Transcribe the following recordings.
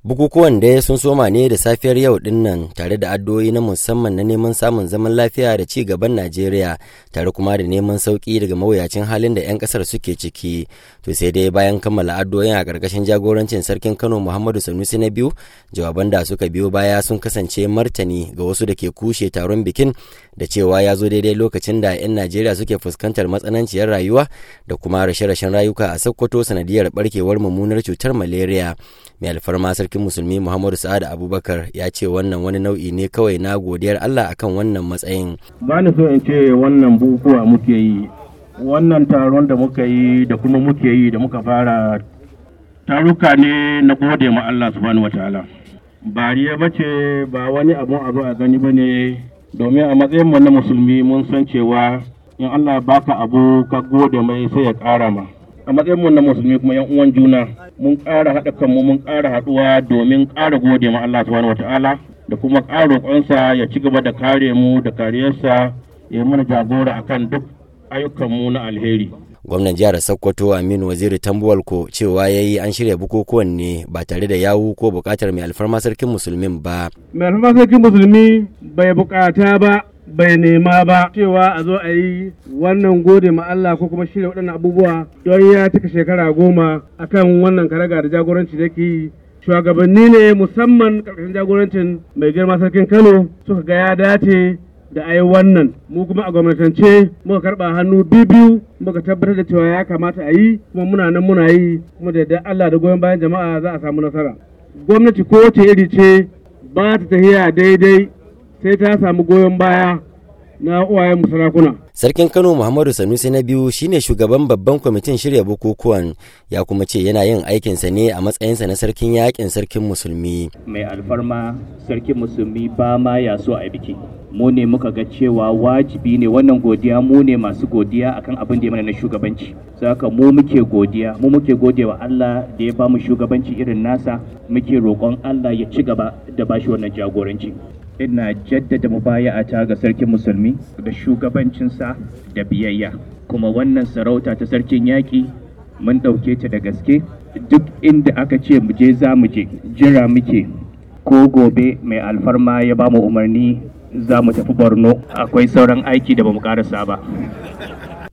Bukukuwan dai sun soma ne da safiyar yau dinnan tare da addu'o'i na musamman na neman samun zaman lafiya da ci gaban Najeriya tare kuma da neman sauki daga mawuyacin halin da 'yan kasar suke ciki. To sai dai bayan kammala addu'o'in a ƙarƙashin jagorancin sarkin Kano Muhammadu Sanusi na biyu, jawaban da suka biyo baya sun kasance martani ga wasu da ke kushe taron bikin da cewa ya zo daidai lokacin da 'yan Najeriya suke fuskantar matsananciyar rayuwa da kuma rashe-rashen rayuka a Sokoto sanadiyar barkewar mummunar cutar malaria. Mai alfarma sarkin musulmi muhammadu sa'ad abubakar ya ce wannan wani nau'i ne kawai na godiyar allah akan wannan matsayin ba ni so in ce wannan bukuwa muke yi wannan taron da muka yi da kuma muke yi da muka fara taruka ne na gode ma allah subhanahu wataala bariya ba ce ba wani abun abu a gani ba ne domin a matsayin mu na musulmi mun san cewa in allah baka abu ka gode mai sai ya ƙara ma a matsayin na musulmi kuma yan uwan juna mun ƙara haɗa kanmu mun ƙara haɗuwa domin ƙara gode ma Allah subhanahu wataala da kuma ƙara roƙonsa ya ci gaba da kare mu da kariyarsa ya mana jagora akan duk ayyukanmu na alheri gwamnan jihar sokoto aminu waziri tambuwal ko cewa ya yi an shirya bukukuwan ne ba tare da yawu ko bukatar mai alfarma sarkin musulmin ba mai alfarma sarkin musulmi bai bukata ba bai nema ba cewa a zo a yi wannan gode ma Allah ko kuma shirya waɗannan abubuwa don ya cika shekara goma akan wannan karaga da jagoranci da ke yi shugabanni ne musamman ƙarƙashin jagorancin mai girma sarkin Kano suka ga ya dace da yi wannan mu kuma a gwamnatance muka karɓa hannu biyu muka tabbatar da cewa ya kamata a yi kuma muna nan muna yi kuma da Allah da goyon bayan jama'a za a samu nasara gwamnati ko wace iri ce ba ta tafiya daidai sai ta samu goyon baya na uwayen sarakuna. Sarkin Kano Muhammadu Sanusi na biyu shine shugaban babban kwamitin shirya bukukuwan ya kuma ce yana yin aikinsa ne a matsayinsa na sarkin yakin sarkin musulmi. Mai alfarma sarkin musulmi ba ma ya so a biki. Mu ne muka ga cewa wajibi ne wannan godiya mu ne masu godiya akan abin da ya mana na shugabanci. Saka mu muke godiya, mu muke wa Allah da ya bamu shugabanci irin nasa, muke roƙon Allah ya ci gaba da bashi wannan jagoranci. ina jaddada mubaya'ata ga sarkin musulmi da shugabancinsa da biyayya kuma wannan sarauta ta sarkin yaƙi mun ɗauke ta da gaske duk inda aka ce mu je za mu je jira muke ko gobe mai alfarma ya ba mu umarni za mu tafi borno akwai sauran aiki da ba mu ƙarasa ba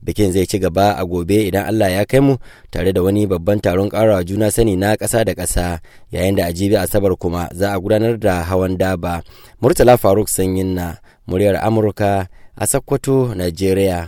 bikin zai ci gaba a gobe idan allah ya kai mu tare da wani babban taron karawa juna sani na ƙasa da ƙasa yayin da a jibi asabar kuma za a gudanar da hawan daba murtala faruk sanyin na muryar amurka a sakkwato najeriya